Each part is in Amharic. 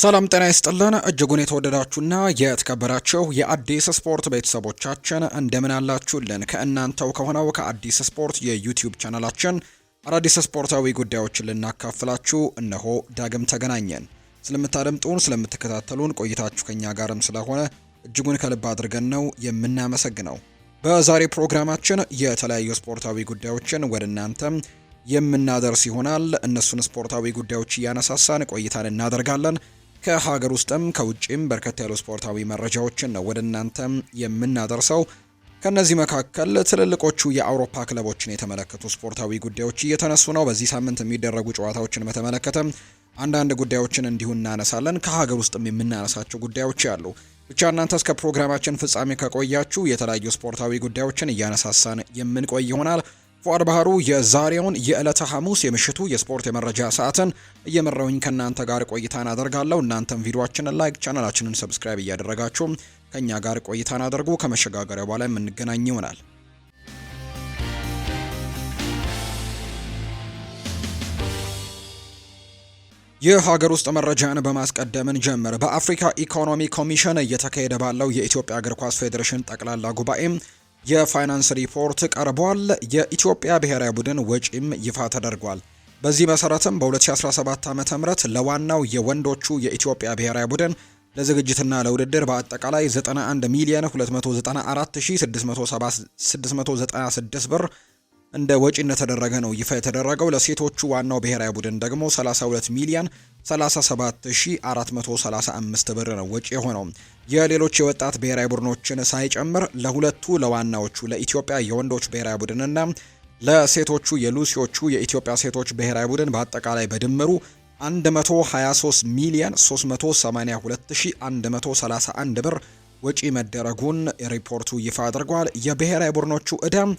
ሰላም ጤና ይስጥልን እጅጉን የተወደዳችሁና የተከበራችሁ የአዲስ ስፖርት ቤተሰቦቻችን እንደምን አላችሁልን? ከእናንተው ከሆነው ከአዲስ ስፖርት የዩቲዩብ ቻናላችን አዳዲስ ስፖርታዊ ጉዳዮችን ልናካፍላችሁ እነሆ ዳግም ተገናኘን። ስለምታደምጡን፣ ስለምትከታተሉን ቆይታችሁ ከኛ ጋርም ስለሆነ እጅጉን ከልብ አድርገን ነው የምናመሰግነው። በዛሬ ፕሮግራማችን የተለያዩ ስፖርታዊ ጉዳዮችን ወደ እናንተም የምናደርስ ይሆናል። እነሱን ስፖርታዊ ጉዳዮች እያነሳሳን ቆይታን እናደርጋለን። ከሀገር ውስጥም ከውጭም በርከት ያሉ ስፖርታዊ መረጃዎችን ነው ወደ እናንተም የምናደርሰው። ከእነዚህ መካከል ትልልቆቹ የአውሮፓ ክለቦችን የተመለከቱ ስፖርታዊ ጉዳዮች እየተነሱ ነው። በዚህ ሳምንት የሚደረጉ ጨዋታዎችን በተመለከተ አንዳንድ ጉዳዮችን እንዲሁ እናነሳለን። ከሀገር ውስጥም የምናነሳቸው ጉዳዮች አሉ። ብቻ እናንተ እስከ ፕሮግራማችን ፍጻሜ ከቆያችሁ የተለያዩ ስፖርታዊ ጉዳዮችን እያነሳሳን የምንቆይ ይሆናል። ፉአድ ባህሩ የዛሬውን የዕለተ ሐሙስ የምሽቱ የስፖርት የመረጃ ሰዓትን እየመራውኝ ከእናንተ ጋር ቆይታን አደርጋለሁ። እናንተም ቪዲዮችንን ላይክ፣ ቻናላችንን ሰብስክራይብ እያደረጋችሁ ከእኛ ጋር ቆይታን አደርጉ። ከመሸጋገሪያ በኋላ የምንገናኝ ይሆናል። የሀገር ውስጥ መረጃን በማስቀደምን ጀምር በአፍሪካ ኢኮኖሚ ኮሚሽን እየተካሄደ ባለው የኢትዮጵያ እግር ኳስ ፌዴሬሽን ጠቅላላ ጉባኤ የፋይናንስ ሪፖርት ቀርቧል። የኢትዮጵያ ብሔራዊ ቡድን ወጪም ይፋ ተደርጓል። በዚህ መሰረትም በ2017 ዓ ም ለዋናው የወንዶቹ የኢትዮጵያ ብሔራዊ ቡድን ለዝግጅትና ለውድድር በአጠቃላይ 91 ሚሊዮን 294,696 ብር እንደ ወጪ እንደተደረገ ነው ይፋ የተደረገው። ለሴቶቹ ዋናው ብሔራዊ ቡድን ደግሞ 32 ሚሊዮን 37435 ብር ነው ወጪ የሆነው። የሌሎች የወጣት ብሔራዊ ቡድኖችን ሳይጨምር ለሁለቱ ለዋናዎቹ ለኢትዮጵያ የወንዶች ብሔራዊ ቡድንና ለሴቶቹ የሉሲዎቹ የኢትዮጵያ ሴቶች ብሔራዊ ቡድን በአጠቃላይ በድምሩ 123 ሚሊዮን 382131 ብር ወጪ መደረጉን ሪፖርቱ ይፋ አድርጓል። የብሔራዊ ቡድኖቹ እዳም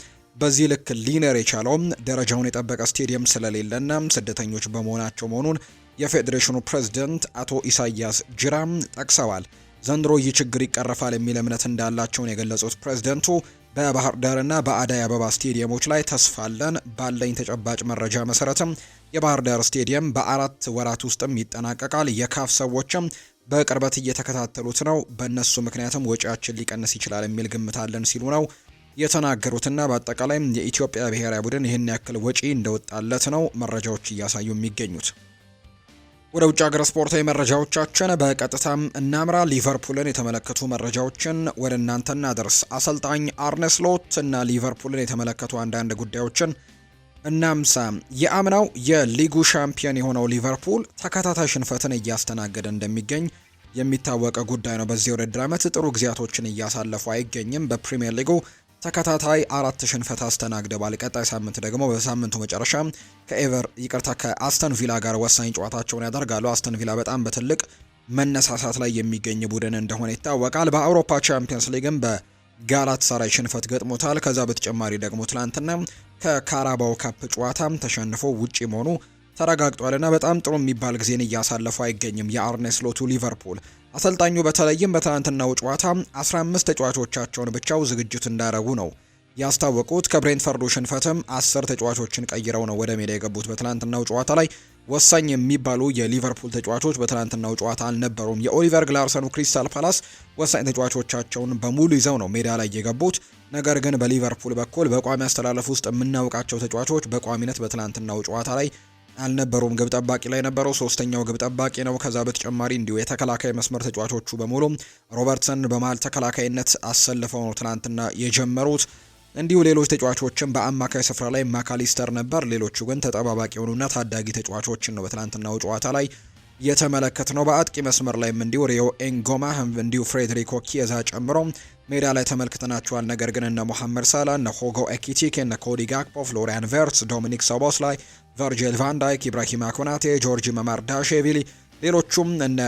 በዚህ ልክ ሊነር የቻለውም ደረጃውን የጠበቀ ስቴዲየም ስለሌለና ስደተኞች በመሆናቸው መሆኑን የፌዴሬሽኑ ፕሬዝደንት አቶ ኢሳያስ ጅራም ጠቅሰዋል። ዘንድሮ ይህ ችግር ይቀረፋል የሚል እምነት እንዳላቸውን የገለጹት ፕሬዝደንቱ በባህር ዳርና በአዳይ አበባ ስቴዲየሞች ላይ ተስፋለን ባለኝ ተጨባጭ መረጃ መሰረትም የባህር ዳር ስቴዲየም በአራት ወራት ውስጥም ይጠናቀቃል። የካፍ ሰዎችም በቅርበት እየተከታተሉት ነው። በእነሱ ምክንያትም ወጪያችን ሊቀንስ ይችላል የሚል ግምት አለን ሲሉ ነው የተናገሩትና በአጠቃላይ የኢትዮጵያ ብሔራዊ ቡድን ይህን ያክል ወጪ እንደወጣለት ነው መረጃዎች እያሳዩ የሚገኙት። ወደ ውጭ ሀገር ስፖርታዊ መረጃዎቻችን በቀጥታም እናምራ። ሊቨርፑልን የተመለከቱ መረጃዎችን ወደ እናንተ እናደርስ። አሰልጣኝ አርነ እና ሊቨርፑልን የተመለከቱ አንዳንድ ጉዳዮችን እናምሳ። የአምናው የሊጉ ሻምፒዮን የሆነው ሊቨርፑል ተከታታይ ሽንፈትን እያስተናገደ እንደሚገኝ የሚታወቀ ጉዳይ ነው። በዚህ ውድድር ዓመት ጥሩ ጊዜያቶችን እያሳለፉ አይገኝም። በፕሪምየር ሊጉ ተከታታይ አራት ሽንፈት አስተናግደዋል። ቀጣይ ሳምንት ደግሞ በሳምንቱ መጨረሻ ከኤቨር ይቅርታ ከአስተን ቪላ ጋር ወሳኝ ጨዋታቸውን ያደርጋሉ። አስተን ቪላ በጣም በትልቅ መነሳሳት ላይ የሚገኝ ቡድን እንደሆነ ይታወቃል። በአውሮፓ ቻምፒየንስ ሊግም በጋላት ሳራይ ሽንፈት ገጥሞታል። ከዛ በተጨማሪ ደግሞ ትላንትና ከካራባው ካፕ ጨዋታም ተሸንፎ ውጪ መሆኑ ተረጋግጧልና በጣም ጥሩ የሚባል ጊዜን እያሳለፈ አይገኝም የአርኔስሎቱ ሊቨርፑል አሰልጣኙ በተለይም በትናንትናው ጨዋታ 15 ተጫዋቾቻቸውን ብቻው ዝግጅት እንዳረጉ ነው ያስታወቁት። ከብሬንትፈርዱ ሽንፈትም 10 ተጫዋቾችን ቀይረው ነው ወደ ሜዳ የገቡት። በትናንትናው ጨዋታ ላይ ወሳኝ የሚባሉ የሊቨርፑል ተጫዋቾች በትናንትናው ጨዋታ አልነበሩም። የኦሊቨር ግላርሰኑ ክሪስታል ፓላስ ወሳኝ ተጫዋቾቻቸውን በሙሉ ይዘው ነው ሜዳ ላይ የገቡት። ነገር ግን በሊቨርፑል በኩል በቋሚ አስተላለፍ ውስጥ የምናውቃቸው ተጫዋቾች በቋሚነት በትናንትናው ጨዋታ ላይ አልነበሩም። ግብ ጠባቂ ላይ ነበረው ሶስተኛው ግብ ጠባቂ ነው። ከዛ በተጨማሪ እንዲሁ የተከላካይ መስመር ተጫዋቾቹ በሙሉ ሮበርትሰን በመሀል ተከላካይነት አሰልፈው ነው ትናንትና የጀመሩት። እንዲሁ ሌሎች ተጫዋቾችን በአማካይ ስፍራ ላይ ማካሊስተር ነበር። ሌሎቹ ግን ተጠባባቂ የሆኑና ታዳጊ ተጫዋቾችን ነው በትናንትናው ጨዋታ ላይ የተመለከት ነው። በአጥቂ መስመር ላይም እንዲሁ ሪዮ ኤንጎማ እንዲሁ ፍሬድሪኮ ኪየዛ ጨምሮ ሜዳ ላይ ተመልክተናቸዋል። ነገር ግን እነ ሞሐመድ ሳላ፣ እነ ሆጎ ኤኪቲክ፣ እነ ኮዲ ጋክፖ፣ ፍሎሪያን ቨርትስ፣ ዶሚኒክ ሶቦስ ላይ፣ ቨርጅል ቫንዳይክ፣ ኢብራሂማ ኮናቴ፣ ጆርጂ መማርዳሽቪሊ ሌሎቹም እነ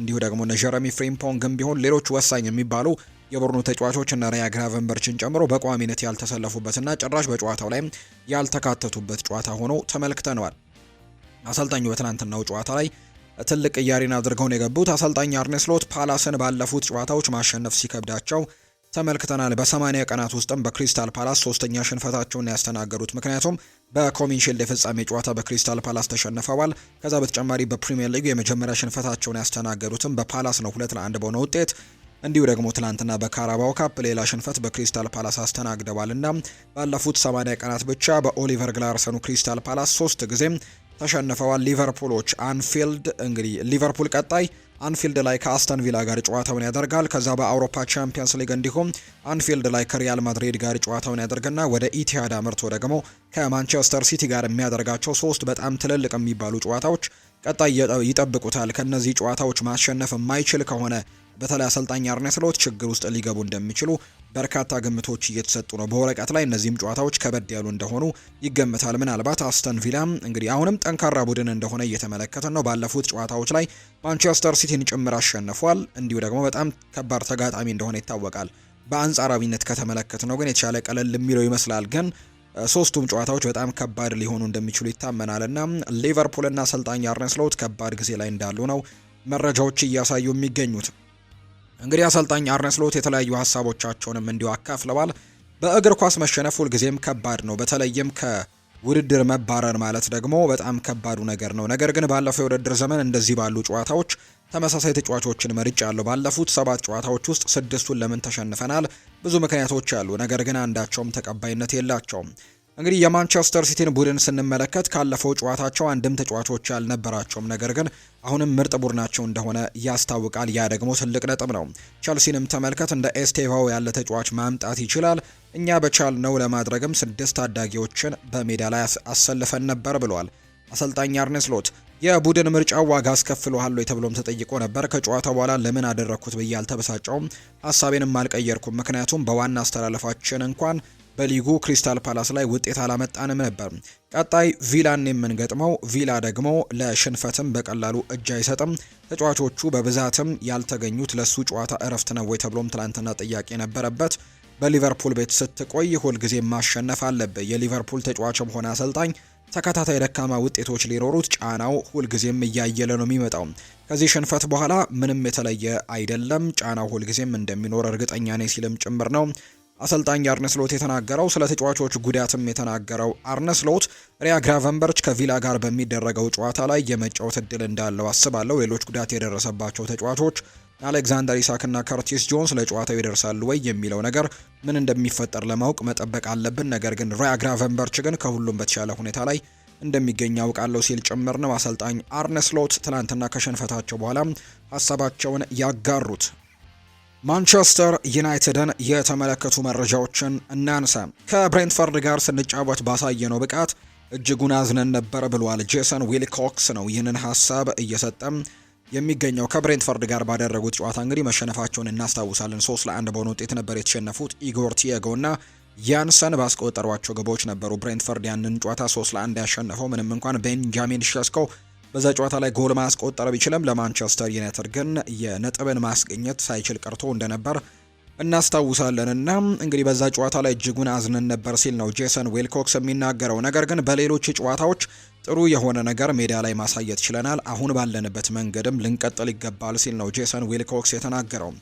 እንዲሁ ደግሞ እነ ጀረሚ ፍሪምፖንግም ቢሆን ሌሎች ወሳኝ የሚባሉ የቡድኑ ተጫዋቾች እነ ሪያ ግራቨንበርችን ጨምሮ በቋሚነት ያልተሰለፉበትና ጭራሽ በጨዋታው ላይም ያልተካተቱበት ጨዋታ ሆኖ ተመልክተነዋል። አሰልጣኙ በትናንትናው ጨዋታ ላይ ትልቅ ቅያሬን አድርገው ነው የገቡት። አሰልጣኝ አርኔ ስሎት ፓላስን ባለፉት ጨዋታዎች ማሸነፍ ሲከብዳቸው ተመልክተናል። በሰማኒያ ቀናት ውስጥም በክሪስታል ፓላስ ሶስተኛ ሽንፈታቸውን ያስተናገዱት ምክንያቱም በኮሚን የፍጻሜ ጨዋታ በክሪስታል ፓላስ ተሸንፈዋል። ከዛ በተጨማሪ በፕሪምየር ሊግ የመጀመሪያ ሽንፈታቸውን ያስተናገዱትም በፓላስ ነው ሁለት ለአንድ በሆነ ውጤት። እንዲሁ ደግሞ ትላንትና በካራባው ካፕ ሌላ ሽንፈት በክሪስታል ፓላስ አስተናግደዋል እና ባለፉት 80 ቀናት ብቻ በኦሊቨር ግላርሰኑ ክሪስታል ፓላስ ሶስት ጊዜም ተሸንፈዋል። ሊቨርፑሎች አንፊልድ እንግዲህ ሊቨርፑል ቀጣይ አንፊልድ ላይ ከአስተን ቪላ ጋር ጨዋታውን ያደርጋል። ከዛ በአውሮፓ ቻምፒየንስ ሊግ እንዲሁም አንፊልድ ላይ ከሪያል ማድሪድ ጋር ጨዋታውን ያደርግና ወደ ኢቲሃድ አምርቶ ደግሞ ከማንቸስተር ሲቲ ጋር የሚያደርጋቸው ሶስት በጣም ትልልቅ የሚባሉ ጨዋታዎች ቀጣይ ይጠብቁታል። ከነዚህ ጨዋታዎች ማሸነፍ የማይችል ከሆነ በተለይ አሰልጣኝ አርነ ስሎት ችግር ውስጥ ሊገቡ እንደሚችሉ በርካታ ግምቶች እየተሰጡ ነው። በወረቀት ላይ እነዚህም ጨዋታዎች ከበድ ያሉ እንደሆኑ ይገምታል። ምናልባት አስተን ቪላ እንግዲህ አሁንም ጠንካራ ቡድን እንደሆነ እየተመለከትን ነው። ባለፉት ጨዋታዎች ላይ ማንቸስተር ሲቲን ጭምር አሸንፏል። እንዲሁ ደግሞ በጣም ከባድ ተጋጣሚ እንደሆነ ይታወቃል። በአንጻራዊነት ከተመለከት ነው ግን የተሻለ ቀለል የሚለው ይመስላል ግን ሶስቱም ጨዋታዎች በጣም ከባድ ሊሆኑ እንደሚችሉ ይታመናል እና ሊቨርፑልና አሰልጣኝ አርነ ስሎት ከባድ ጊዜ ላይ እንዳሉ ነው መረጃዎች እያሳዩ የሚገኙት። እንግዲህ አሰልጣኝ አርነ ስሎት የተለያዩ ሀሳቦቻቸውንም እንዲሁ አካፍለዋል። በእግር ኳስ መሸነፍ ሁልጊዜም ከባድ ነው። በተለይም ከውድድር መባረር ማለት ደግሞ በጣም ከባዱ ነገር ነው። ነገር ግን ባለፈው የውድድር ዘመን እንደዚህ ባሉ ጨዋታዎች ተመሳሳይ ተጫዋቾችን መርጫ ያለው። ባለፉት ሰባት ጨዋታዎች ውስጥ ስድስቱን ለምን ተሸንፈናል? ብዙ ምክንያቶች አሉ፣ ነገር ግን አንዳቸውም ተቀባይነት የላቸውም። እንግዲህ የማንቸስተር ሲቲን ቡድን ስንመለከት ካለፈው ጨዋታቸው አንድም ተጫዋቾች ያልነበራቸውም ነገር ግን አሁንም ምርጥ ቡድናቸው እንደሆነ ያስታውቃል። ያ ደግሞ ትልቅ ነጥብ ነው። ቸልሲንም ተመልከት፣ እንደ ኤስቴቫው ያለ ተጫዋች ማምጣት ይችላል። እኛ በቻልነው ለማድረግም ስድስት ታዳጊዎችን በሜዳ ላይ አሰልፈን ነበር ብሏል አሰልጣኝ አርኔ ስሎት። የቡድን ምርጫው ዋጋ አስከፍሎሃል ተብሎም ተጠይቆ ነበር። ከጨዋታ በኋላ ለምን አደረግኩት ብዬ አልተበሳጨውም፣ ሀሳቤንም አልቀየርኩም። ምክንያቱም በዋና አስተላለፋችን እንኳን በሊጉ ክሪስታል ፓላስ ላይ ውጤት አላመጣንም ነበር። ቀጣይ ቪላን የምንገጥመው፣ ቪላ ደግሞ ለሽንፈትም በቀላሉ እጅ አይሰጥም። ተጫዋቾቹ በብዛትም ያልተገኙት ለሱ ጨዋታ እረፍት ነው ወይ ተብሎም ትላንትና ጥያቄ ነበረበት። በሊቨርፑል ቤት ስትቆይ ሁልጊዜ ማሸነፍ አለብህ። የሊቨርፑል ተጫዋችም ሆነ አሰልጣኝ ተከታታይ ደካማ ውጤቶች ሊኖሩት ጫናው ሁልጊዜም እያየለ ነው የሚመጣው። ከዚህ ሽንፈት በኋላ ምንም የተለየ አይደለም፣ ጫናው ሁልጊዜም እንደሚኖር እርግጠኛ ነኝ ሲልም ጭምር ነው አሰልጣኝ አርነስሎት የተናገረው ስለ ተጫዋቾች ጉዳትም የተናገረው አርነስሎት ሪያ ግራቨንበርች ከቪላ ጋር በሚደረገው ጨዋታ ላይ የመጫወት እድል እንዳለው አስባለሁ። ሌሎች ጉዳት የደረሰባቸው ተጫዋቾች አሌክዛንደር ኢሳክና ከርቲስ ጆንስ ለጨዋታው ይደርሳሉ ወይ የሚለው ነገር ምን እንደሚፈጠር ለማወቅ መጠበቅ አለብን። ነገር ግን ሪያ ግራቨንበርች ግን ከሁሉም በተሻለ ሁኔታ ላይ እንደሚገኝ አውቃለሁ ሲል ጭምር ነው አሰልጣኝ አርነስሎት ትናንትና ከሸንፈታቸው በኋላ ሀሳባቸውን ያጋሩት። ማንቸስተር ዩናይትድን የተመለከቱ መረጃዎችን እናንሳ። ከብሬንትፈርድ ጋር ስንጫወት ባሳየነው ብቃት እጅጉን አዝነን ነበር ብሏል። ጄሰን ዊልኮክስ ነው ይህንን ሀሳብ እየሰጠም የሚገኘው። ከብሬንትፈርድ ጋር ባደረጉት ጨዋታ እንግዲህ መሸነፋቸውን እናስታውሳለን። ሶስት ለአንድ በሆነ ውጤት ነበር የተሸነፉት። ኢጎር ቲየጎ እና ያንሰን ባስቆጠሯቸው ግቦች ነበሩ። ብሬንትፈርድ ያንን ጨዋታ ሶስት ለአንድ ያሸነፈው ምንም እንኳን ቤንጃሚን ሸስኮ በዛ ጨዋታ ላይ ጎል ማስቆጠር ቢችልም ለማንቸስተር ዩናይትድ ግን የነጥብን ማስገኘት ሳይችል ቀርቶ እንደነበር እናስታውሳለን እና እንግዲህ በዛ ጨዋታ ላይ እጅጉን አዝነን ነበር ሲል ነው ጄሰን ዌልኮክስ የሚናገረው። ነገር ግን በሌሎች ጨዋታዎች ጥሩ የሆነ ነገር ሜዳ ላይ ማሳየት ችለናል። አሁን ባለንበት መንገድም ልንቀጥል ይገባል ሲል ነው ጄሰን ዌልኮክስ የተናገረው።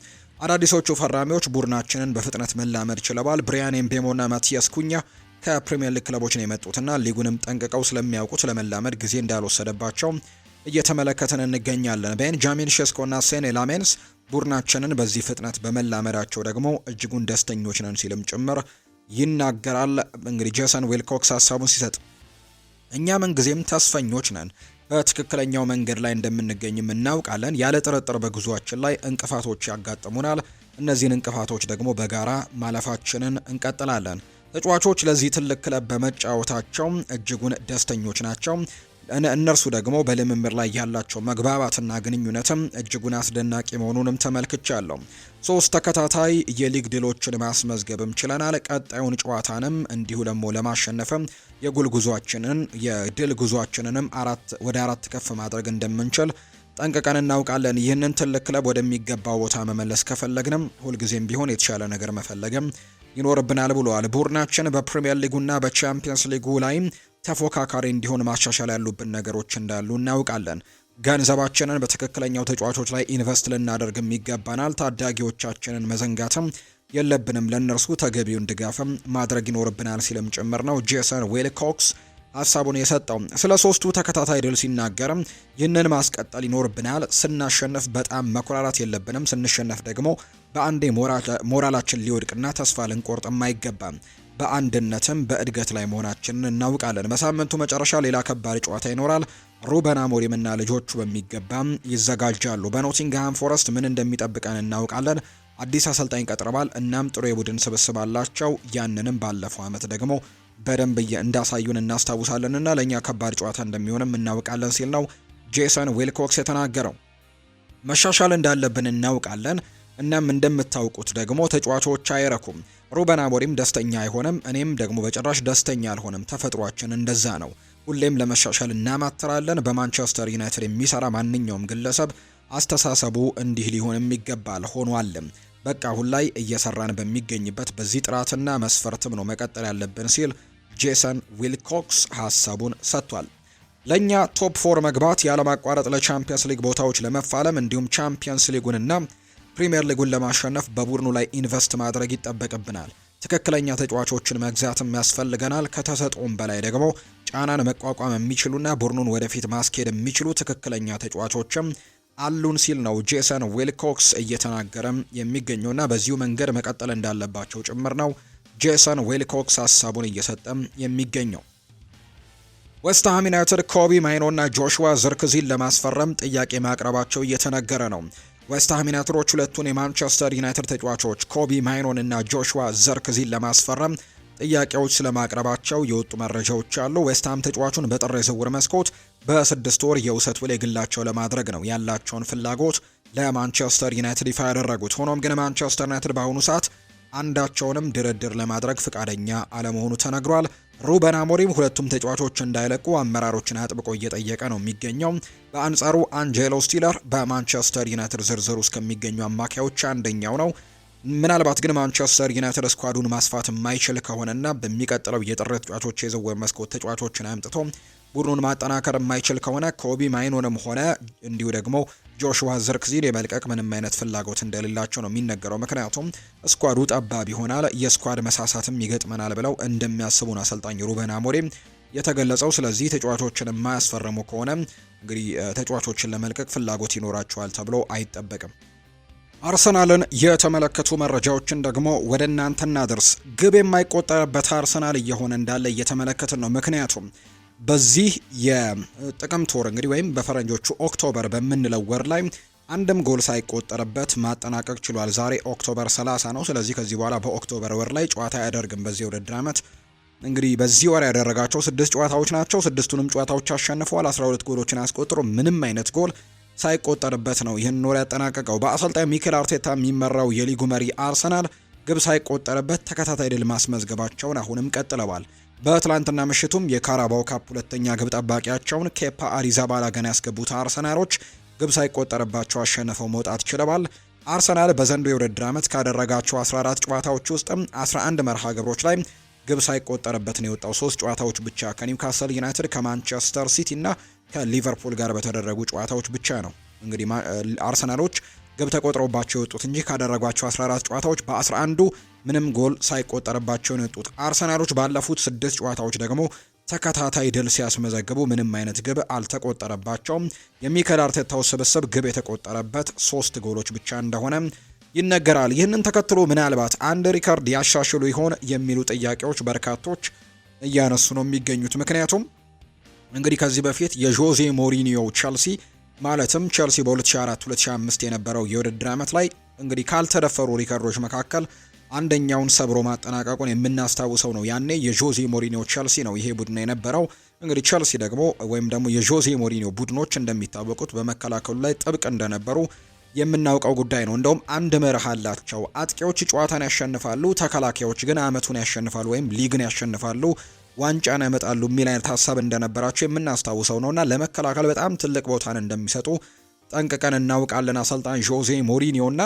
አዳዲሶቹ ፈራሚዎች ቡድናችንን በፍጥነት መላመድ ችለዋል። ብሪያን ኤምቤሞና ማቲያስ ኩኛ ከፕሪምየር ሊግ ክለቦች ነው የመጡትና ሊጉንም ጠንቅቀው ስለሚያውቁት ለመላመድ ጊዜ እንዳልወሰደባቸው እየተመለከትን እንገኛለን። ቤንጃሚን ሼስኮና ሴኔ ላሜንስ ቡድናችንን በዚህ ፍጥነት በመላመዳቸው ደግሞ እጅጉን ደስተኞች ነን ሲልም ጭምር ይናገራል። እንግዲህ ጄሰን ዊልኮክስ ሀሳቡን ሲሰጥ እኛ ምንጊዜም ተስፈኞች ነን፣ በትክክለኛው መንገድ ላይ እንደምንገኝም እናውቃለን። ያለ ጥርጥር በጉዟችን ላይ እንቅፋቶች ያጋጥሙናል። እነዚህን እንቅፋቶች ደግሞ በጋራ ማለፋችንን እንቀጥላለን። ተጫዋቾች ለዚህ ትልቅ ክለብ በመጫወታቸው እጅጉን ደስተኞች ናቸው። እነርሱ ደግሞ በልምምድ ላይ ያላቸው መግባባትና ግንኙነትም እጅጉን አስደናቂ መሆኑንም ተመልክቻለሁ። ሶስት ተከታታይ የሊግ ድሎችን ማስመዝገብም ችለናል። ቀጣዩን ጨዋታንም እንዲሁ ደግሞ ለማሸነፍም የጉል ጉዟችንን የድል ጉዟችንንም አራት ወደ አራት ከፍ ማድረግ እንደምንችል ጠንቅቀን እናውቃለን። ይህንን ትልቅ ክለብ ወደሚገባው ቦታ መመለስ ከፈለግንም ሁልጊዜም ቢሆን የተሻለ ነገር መፈለግም ይኖርብናል ብለዋል። ቡድናችን በፕሪምየር ሊጉና በቻምፒየንስ ሊጉ ላይም ተፎካካሪ እንዲሆን ማሻሻል ያሉብን ነገሮች እንዳሉ እናውቃለን። ገንዘባችንን በትክክለኛው ተጫዋቾች ላይ ኢንቨስት ልናደርግም ይገባናል። ታዳጊዎቻችንን መዘንጋትም የለብንም። ለእነርሱ ተገቢውን ድጋፍም ማድረግ ይኖርብናል ሲልም ጭምር ነው ጄሰን ዌልኮክስ ሀሳቡን የሰጠው። ስለ ሶስቱ ተከታታይ ድል ሲናገርም ይህንን ማስቀጠል ይኖርብናል። ስናሸንፍ በጣም መኩራራት የለብንም። ስንሸነፍ ደግሞ በአንዴ ሞራላችን ሊወድቅና ተስፋ ልንቆርጥም አይገባም። በአንድነትም በእድገት ላይ መሆናችንን እናውቃለን። በሳምንቱ መጨረሻ ሌላ ከባድ ጨዋታ ይኖራል። ሩበን አሞሪምና ልጆቹ በሚገባም ይዘጋጃሉ። በኖቲንግሃም ፎረስት ምን እንደሚጠብቀን እናውቃለን። አዲስ አሰልጣኝ ቀጥረዋል። እናም ጥሩ የቡድን ስብስብ አላቸው። ያንንም ባለፈው ዓመት ደግሞ በደንብ እንዳሳዩን እናስታውሳለንና ለእኛ ከባድ ጨዋታ እንደሚሆንም እናውቃለን ሲል ነው ጄሰን ዊልኮክስ የተናገረው። መሻሻል እንዳለብን እናውቃለን። እናም እንደምታውቁት ደግሞ ተጫዋቾች አይረኩም። ሩበን አሞሪም ደስተኛ አይሆንም፣ እኔም ደግሞ በጭራሽ ደስተኛ አልሆንም። ተፈጥሯችን እንደዛ ነው። ሁሌም ለመሻሻል እናማትራለን። በማንቸስተር ዩናይትድ የሚሰራ ማንኛውም ግለሰብ አስተሳሰቡ እንዲህ ሊሆንም ይገባል ሆኗልም። በቃ አሁን ላይ እየሰራን በሚገኝበት በዚህ ጥራትና መስፈርትም ነው መቀጠል ያለብን ሲል ጄሰን ዊልኮክስ ሀሳቡን ሰጥቷል። ለእኛ ቶፕ ፎር መግባት ያለማቋረጥ ለቻምፒየንስ ሊግ ቦታዎች ለመፋለም እንዲሁም ቻምፒየንስ ሊጉንና ፕሪምየር ሊጉን ለማሸነፍ በቡድኑ ላይ ኢንቨስት ማድረግ ይጠበቅብናል። ትክክለኛ ተጫዋቾችን መግዛትም ያስፈልገናል። ከተሰጥኦም በላይ ደግሞ ጫናን መቋቋም የሚችሉና ቡድኑን ወደፊት ማስኬድ የሚችሉ ትክክለኛ ተጫዋቾችም አሉን ሲል ነው ጄሰን ዊልኮክስ እየተናገረም የሚገኘውና በዚሁ መንገድ መቀጠል እንዳለባቸው ጭምር ነው ጄሰን ዊልኮክስ ሀሳቡን እየሰጠም የሚገኘው። ዌስትሃም ዩናይትድ ኮቢ ማይኖና ጆሹዋ ዝርክዚን ለማስፈረም ጥያቄ ማቅረባቸው እየተነገረ ነው። ዌስትሃም ዩናይትዶች ሁለቱን የማንቸስተር ዩናይትድ ተጫዋቾች ኮቢ ማይኖን እና ጆሹዋ ዘርክዚን ለማስፈረም ጥያቄዎች ስለማቅረባቸው የወጡ መረጃዎች አሉ። ዌስትሃም ተጫዋቹን በጥር የዝውውር መስኮት በስድስት ወር የውሰት ውል የግላቸው ለማድረግ ነው ያላቸውን ፍላጎት ለማንቸስተር ዩናይትድ ይፋ ያደረጉት። ሆኖም ግን ማንቸስተር ዩናይትድ በአሁኑ ሰዓት አንዳቸውንም ድርድር ለማድረግ ፍቃደኛ አለመሆኑ ተነግሯል። ሩበን አሞሪም ሁለቱም ተጫዋቾች እንዳይለቁ አመራሮችን አጥብቆ እየጠየቀ ነው የሚገኘው። በአንጻሩ አንጀሎ ስቲለር በማንቸስተር ዩናይትድ ዝርዝር ውስጥ ከሚገኙ አማካዮች አንደኛው ነው። ምናልባት ግን ማንቸስተር ዩናይትድ ስኳዱን ማስፋት የማይችል ከሆነና በሚቀጥለው የጥር ተጫዋቾች የዝውውር መስኮት ተጫዋቾችን አምጥቶ ቡድኑን ማጠናከር የማይችል ከሆነ ኮቢ ማይኖንም ሆነ እንዲሁ ደግሞ ጆሹዋ ዘርክዚን የመልቀቅ ምንም አይነት ፍላጎት እንደሌላቸው ነው የሚነገረው። ምክንያቱም ስኳዱ ጠባብ ይሆናል፣ የስኳድ መሳሳትም ይገጥመናል ብለው እንደሚያስቡን አሰልጣኝ ሩበን አሞሪም የተገለጸው ስለዚህ ተጫዋቾችን የማያስፈርሙ ከሆነ እንግዲህ ተጫዋቾችን ለመልቀቅ ፍላጎት ይኖራቸዋል ተብሎ አይጠበቅም። አርሰናልን የተመለከቱ መረጃዎችን ደግሞ ወደ እናንተ እናድርስ። ግብ የማይቆጠርበት አርሰናል እየሆነ እንዳለ እየተመለከትን ነው። ምክንያቱም በዚህ የጥቅምት ወር እንግዲህ ወይም በፈረንጆቹ ኦክቶበር በምንለው ወር ላይ አንድም ጎል ሳይቆጠርበት ማጠናቀቅ ችሏል። ዛሬ ኦክቶበር 30 ነው። ስለዚህ ከዚህ በኋላ በኦክቶበር ወር ላይ ጨዋታ አያደርግም። በዚህ ውድድር ዓመት እንግዲህ በዚህ ወር ያደረጋቸው ስድስት ጨዋታዎች ናቸው። ስድስቱንም ጨዋታዎች አሸንፈዋል። 12 ጎሎችን አስቆጥሮ ምንም አይነት ጎል ሳይቆጠርበት ነው ይህን ኖር ያጠናቀቀው። በአሰልጣኝ ሚኬል አርቴታ የሚመራው የሊጉ መሪ አርሰናል ግብ ሳይቆጠርበት ተከታታይ ድል ማስመዝገባቸውን አሁንም ቀጥለዋል። በትላንትና ምሽቱም የካራባው ካፕ ሁለተኛ ግብ ጠባቂያቸውን ኬፓ አሪዛባላጋን ያስገቡት አርሰናሎች ግብ ሳይቆጠርባቸው አሸንፈው መውጣት ችለዋል። አርሰናል በዘንድሮው የውድድር ዓመት ካደረጋቸው 14 ጨዋታዎች ውስጥም 11 መርሃ ግብሮች ላይ ግብ ሳይቆጠርበት ነው የወጣው። ሶስት ጨዋታዎች ብቻ ከኒውካስል ዩናይትድ፣ ከማንቸስተር ሲቲ እና ከሊቨርፑል ጋር በተደረጉ ጨዋታዎች ብቻ ነው እንግዲህ አርሰናሎች ግብ ተቆጥሮባቸው የወጡት እንጂ ካደረጓቸው 14 ጨዋታዎች በ11ዱ ምንም ጎል ሳይቆጠርባቸው ነው የወጡት። አርሰናሎች ባለፉት ስድስት ጨዋታዎች ደግሞ ተከታታይ ድል ሲያስመዘግቡ ምንም አይነት ግብ አልተቆጠረባቸውም። የሚከል አርቴታው ስብስብ ግብ የተቆጠረበት ሶስት ጎሎች ብቻ እንደሆነ ይነገራል። ይህንን ተከትሎ ምናልባት አንድ ሪከርድ ያሻሽሉ ይሆን የሚሉ ጥያቄዎች በርካቶች እያነሱ ነው የሚገኙት ምክንያቱም እንግዲህ ከዚህ በፊት የዦዜ ሞሪኒዮ ቸልሲ ማለትም ቸልሲ በ2004 2005 የነበረው የውድድር ዓመት ላይ እንግዲህ ካልተደፈሩ ሪከርዶች መካከል አንደኛውን ሰብሮ ማጠናቀቁን የምናስታውሰው ነው። ያኔ የጆዜ ሞሪኒዮ ቸልሲ ነው ይሄ ቡድን የነበረው። እንግዲህ ቸልሲ ደግሞ ወይም ደግሞ የጆዜ ሞሪኒዮ ቡድኖች እንደሚታወቁት በመከላከሉ ላይ ጥብቅ እንደነበሩ የምናውቀው ጉዳይ ነው። እንደውም አንድ መርህ አላቸው። አጥቂዎች ጨዋታን ያሸንፋሉ፣ ተከላካዮች ግን አመቱን ያሸንፋሉ ወይም ሊግን ያሸንፋሉ ዋንጫን ያመጣሉ የሚል አይነት ሀሳብ እንደነበራቸው የምናስታውሰው ነውና ለመከላከል በጣም ትልቅ ቦታን እንደሚሰጡ ጠንቅቀን እናውቃለን። አሰልጣን ዦዜ እና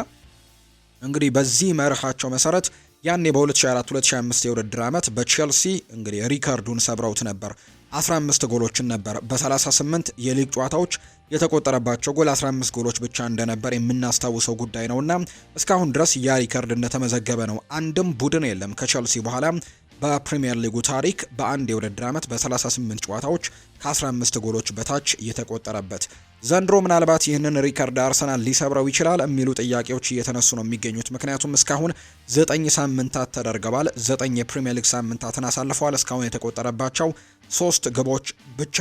እንግዲህ በዚህ መርሃቸው መሰረት ያኔ በ2004 2005 የውድድር ዓመት በቼልሲ እንግዲህ ሪካርዱን ሰብረውት ነበር። 15 ጎሎችን ነበር በ38 የሊግ ጨዋታዎች የተቆጠረባቸው ጎል 15 ጎሎች ብቻ እንደነበር የምናስታውሰው ጉዳይ ነውና እስካሁን ድረስ ያ ሪከርድ እንደተመዘገበ ነው። አንድም ቡድን የለም ከቼልሲ በኋላ በፕሪምየር ሊጉ ታሪክ በአንድ የውድድር ዓመት በ38 ጨዋታዎች ከ15 ጎሎች በታች የተቆጠረበት። ዘንድሮ ምናልባት ይህንን ሪከርድ አርሰናል ሊሰብረው ይችላል የሚሉ ጥያቄዎች እየተነሱ ነው የሚገኙት። ምክንያቱም እስካሁን ዘጠኝ ሳምንታት ተደርገዋል። ዘጠኝ የፕሪምየር ሊግ ሳምንታትን አሳልፈዋል። እስካሁን የተቆጠረባቸው ሶስት ግቦች ብቻ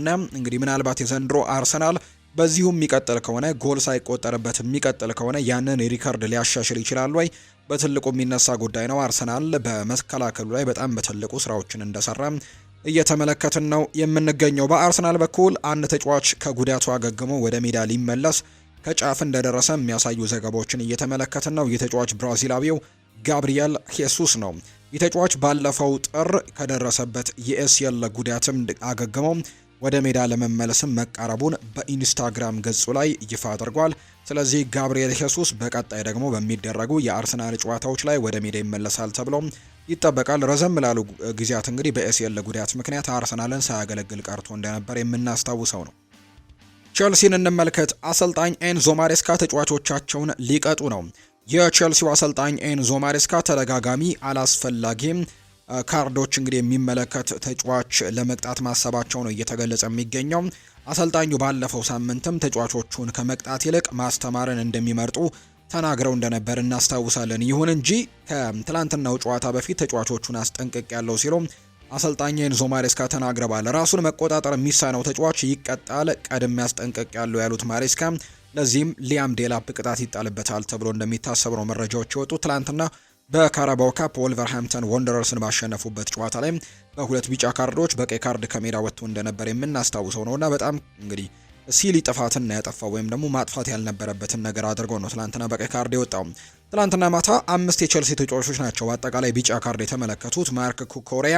እና እንግዲህ ምናልባት የዘንድሮ አርሰናል በዚሁም የሚቀጥል ከሆነ ጎል ሳይቆጠርበት የሚቀጥል ከሆነ ያንን ሪከርድ ሊያሻሽል ይችላል ወይ? በትልቁ የሚነሳ ጉዳይ ነው። አርሰናል በመከላከሉ ላይ በጣም በትልቁ ስራዎችን እንደሰራ እየተመለከትን ነው የምንገኘው። በአርሰናል በኩል አንድ ተጫዋች ከጉዳቱ አገግሞ ወደ ሜዳ ሊመለስ ከጫፍ እንደደረሰ የሚያሳዩ ዘገባዎችን እየተመለከትን ነው። ይህ ተጫዋች ብራዚላዊው ጋብሪኤል ሄሱስ ነው። ይህ ተጫዋች ባለፈው ጥር ከደረሰበት የኤሲኤል ጉዳትም አገግሞ ወደ ሜዳ ለመመለስም መቃረቡን በኢንስታግራም ገጹ ላይ ይፋ አድርጓል። ስለዚህ ጋብሪኤል ሄሱስ በቀጣይ ደግሞ በሚደረጉ የአርሰናል ጨዋታዎች ላይ ወደ ሜዳ ይመለሳል ተብሎም ይጠበቃል። ረዘም ላሉ ጊዜያት እንግዲህ በኤሲኤል ጉዳት ምክንያት አርሰናልን ሳያገለግል ቀርቶ እንደነበር የምናስታውሰው ነው። ቼልሲን እንመልከት። አሰልጣኝ ኤንዞ ማሬስካ ተጫዋቾቻቸውን ሊቀጡ ነው። የቼልሲው አሰልጣኝ ኤንዞ ማሬስካ ተደጋጋሚ አላስፈላጊም ካርዶች እንግዲህ የሚመለከት ተጫዋች ለመቅጣት ማሰባቸው ነው እየተገለጸ የሚገኘው። አሰልጣኙ ባለፈው ሳምንትም ተጫዋቾቹን ከመቅጣት ይልቅ ማስተማርን እንደሚመርጡ ተናግረው እንደነበር እናስታውሳለን። ይሁን እንጂ ከትላንትናው ጨዋታ በፊት ተጫዋቾቹን አስጠንቅቅ ያለው ሲሉም አሰልጣኝ ኤንዞ ማሬስካ ተናግረዋል። ራሱን መቆጣጠር የሚሳነው ተጫዋች ይቀጣል፣ ቀድም አስጠንቅቅ ያለው ያሉት ማሬስካ፣ ለዚህም ሊያም ዴላፕ ቅጣት ይጣልበታል ተብሎ እንደሚታሰብ ነው መረጃዎች የወጡ ትላንትና በካራባው ካፕ ወልቨርሃምተን ወንደረርስን ባሸነፉበት ጨዋታ ላይ በሁለት ቢጫ ካርዶች በቀይ ካርድ ከሜዳ ወጥቶ እንደነበር የምናስታውሰው ነውና በጣም እንግዲህ ሲሊ ጥፋትን ነው ያጠፋው ወይም ደግሞ ማጥፋት ያልነበረበትን ነገር አድርጎ ነው ትላንትና በቀይ ካርድ የወጣው። ትላንትና ማታ አምስት የቸልሲ ተጫዋቾች ናቸው በአጠቃላይ ቢጫ ካርድ የተመለከቱት። ማርክ ኩኮሪያ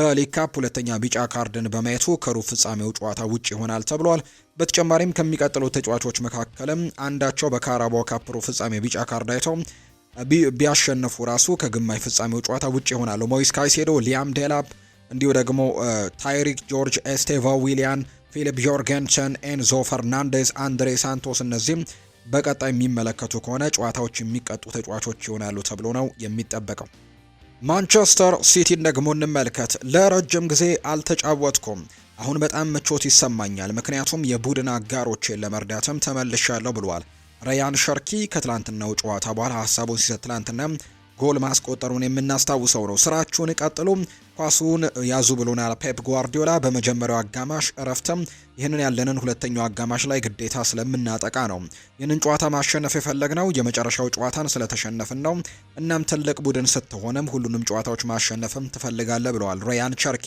በሊግ ካፕ ሁለተኛ ቢጫ ካርድን በማየቱ ከሩብ ፍጻሜው ጨዋታ ውጭ ይሆናል ተብሏል። በተጨማሪም ከሚቀጥሉት ተጫዋቾች መካከልም አንዳቸው በካራባው ካፕ ሩብ ፍጻሜ ቢጫ ካርድ አይተው ቢያሸንፉ ራሱ ከግማሽ ፍጻሜው ጨዋታ ውጭ ይሆናሉ። ሞይስ ካይሴዶ፣ ሊያም ዴላፕ እንዲሁ ደግሞ ታይሪክ ጆርጅ፣ ኤስቴቫ ዊሊያን፣ ፊሊፕ ጆርገንሰን፣ ኤንዞ ፈርናንዴዝ፣ አንድሬ ሳንቶስ እነዚህም በቀጣይ የሚመለከቱ ከሆነ ጨዋታዎች የሚቀጡ ተጫዋቾች ይሆናሉ ተብሎ ነው የሚጠበቀው። ማንቸስተር ሲቲን ደግሞ እንመልከት። ለረጅም ጊዜ አልተጫወትኩም፣ አሁን በጣም ምቾት ይሰማኛል፣ ምክንያቱም የቡድን አጋሮቼን ለመርዳትም ተመልሻለሁ ብሏል። ሪያን ሸርኪ ከትላንትናው ጨዋታ በኋላ ሀሳቡን ሲሰጥ ትላንትና ጎል ማስቆጠሩን የምናስታውሰው ነው። ስራችሁን ቀጥሉ፣ ኳሱን ያዙ ብሎናል ፔፕ ጓርዲዮላ። በመጀመሪያው አጋማሽ እረፍትም ይህንን ያለንን ሁለተኛው አጋማሽ ላይ ግዴታ ስለምናጠቃ ነው ይህንን ጨዋታ ማሸነፍ የፈለግነው። የመጨረሻው ጨዋታን ስለተሸነፍን ነው። እናም ትልቅ ቡድን ስትሆንም ሁሉንም ጨዋታዎች ማሸነፍም ትፈልጋለ ብለዋል ሪያን ቸርኪ።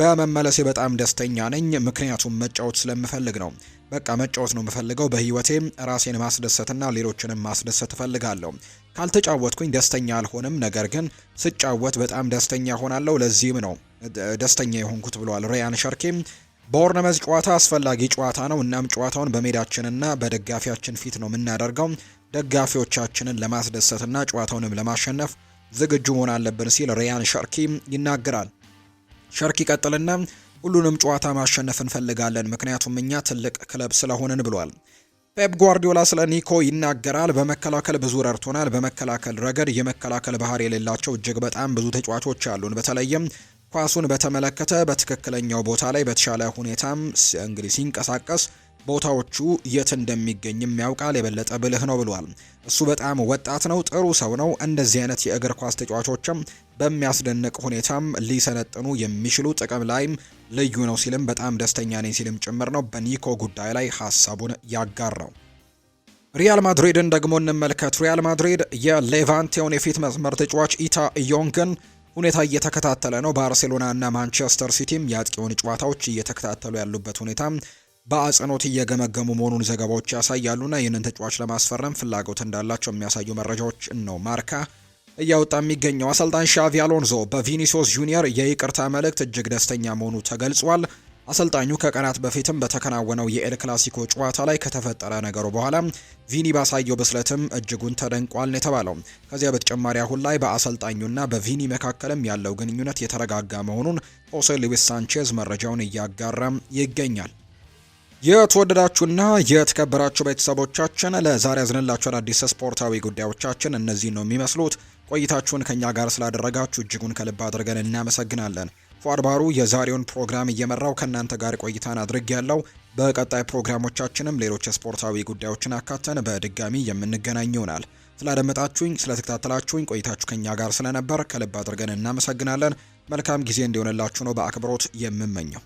በመመለሴ በጣም ደስተኛ ነኝ፣ ምክንያቱም መጫወት ስለምፈልግ ነው። በቃ መጫወት ነው የምፈልገው። በህይወቴም ራሴን ማስደሰትና ሌሎችንም ማስደሰት እፈልጋለሁ። ካልተጫወትኩኝ ደስተኛ አልሆንም፣ ነገር ግን ስጫወት በጣም ደስተኛ ሆናለሁ። ለዚህም ነው ደስተኛ የሆንኩት ብለዋል ሪያን ሸርኪም። በኦርነመዝ ጨዋታ አስፈላጊ ጨዋታ ነው። እናም ጨዋታውን በሜዳችንና በደጋፊያችን ፊት ነው የምናደርገው። ደጋፊዎቻችንን ለማስደሰትና ጨዋታውንም ለማሸነፍ ዝግጁ መሆን አለብን ሲል ሪያን ሸርኪ ይናገራል። ሸርኪ ቀጥልና ሁሉንም ጨዋታ ማሸነፍ እንፈልጋለን፣ ምክንያቱም እኛ ትልቅ ክለብ ስለሆንን ብሏል። ፔፕ ጓርዲዮላ ስለ ኒኮ ይናገራል። በመከላከል ብዙ ረድቶናል። በመከላከል ረገድ የመከላከል ባህር የሌላቸው እጅግ በጣም ብዙ ተጫዋቾች አሉን። በተለይም ኳሱን በተመለከተ በትክክለኛው ቦታ ላይ በተሻለ ሁኔታም እንግዲህ ሲንቀሳቀስ ቦታዎቹ የት እንደሚገኝም ያውቃል። የበለጠ ብልህ ነው ብሏል። እሱ በጣም ወጣት ነው፣ ጥሩ ሰው ነው። እንደዚህ አይነት የእግር ኳስ ተጫዋቾችም በሚያስደንቅ ሁኔታም ሊሰለጥኑ የሚችሉ ጥቅም ላይም ልዩ ነው ሲልም በጣም ደስተኛ ነኝ ሲልም ጭምር ነው በኒኮ ጉዳይ ላይ ሀሳቡን ያጋራው። ሪያል ማድሪድን ደግሞ እንመልከት። ሪያል ማድሪድ የሌቫንቴውን የፊት መስመር ተጫዋች ኢታ ዮንግን ሁኔታ እየተከታተለ ነው። ባርሴሎና እና ማንቸስተር ሲቲም የአጥቂውን ጨዋታዎች እየተከታተሉ ያሉበት ሁኔታ በአጽንኦት እየገመገሙ መሆኑን ዘገባዎች ያሳያሉና ይህንን ተጫዋች ለማስፈረም ፍላጎት እንዳላቸው የሚያሳዩ መረጃዎች ነው ማርካ እያወጣ የሚገኘው አሰልጣኝ ሻቪ አሎንዞ በቪኒሶስ ጁኒየር የይቅርታ መልእክት እጅግ ደስተኛ መሆኑ ተገልጿል። አሰልጣኙ ከቀናት በፊትም በተከናወነው የኤል ክላሲኮ ጨዋታ ላይ ከተፈጠረ ነገሩ በኋላ ቪኒ ባሳየው ብስለትም እጅጉን ተደንቋል ነው የተባለው። ከዚያ በተጨማሪ አሁን ላይ በአሰልጣኙና በቪኒ መካከልም ያለው ግንኙነት የተረጋጋ መሆኑን ሆሴ ሉዊስ ሳንቼዝ መረጃውን እያጋራም ይገኛል። የተወደዳችሁና የተከበራችሁ ቤተሰቦቻችን ለዛሬ ያዝንላችሁ አዳዲስ ስፖርታዊ ጉዳዮቻችን እነዚህ ነው የሚመስሉት። ቆይታችሁን ከእኛ ጋር ስላደረጋችሁ እጅጉን ከልብ አድርገን እናመሰግናለን። ፏድ የዛሬውን ፕሮግራም እየመራው ከእናንተ ጋር ቆይታን አድርግ ያለው። በቀጣይ ፕሮግራሞቻችንም ሌሎች ስፖርታዊ ጉዳዮችን አካተን በድጋሚ የምንገናኝ ይሆናል። ስላደመጣችሁኝ፣ ስለተከታተላችሁኝ ቆይታችሁ ከኛ ጋር ስለነበር ከልብ አድርገን እናመሰግናለን። መልካም ጊዜ እንዲሆንላችሁ ነው በአክብሮት የምመኘው።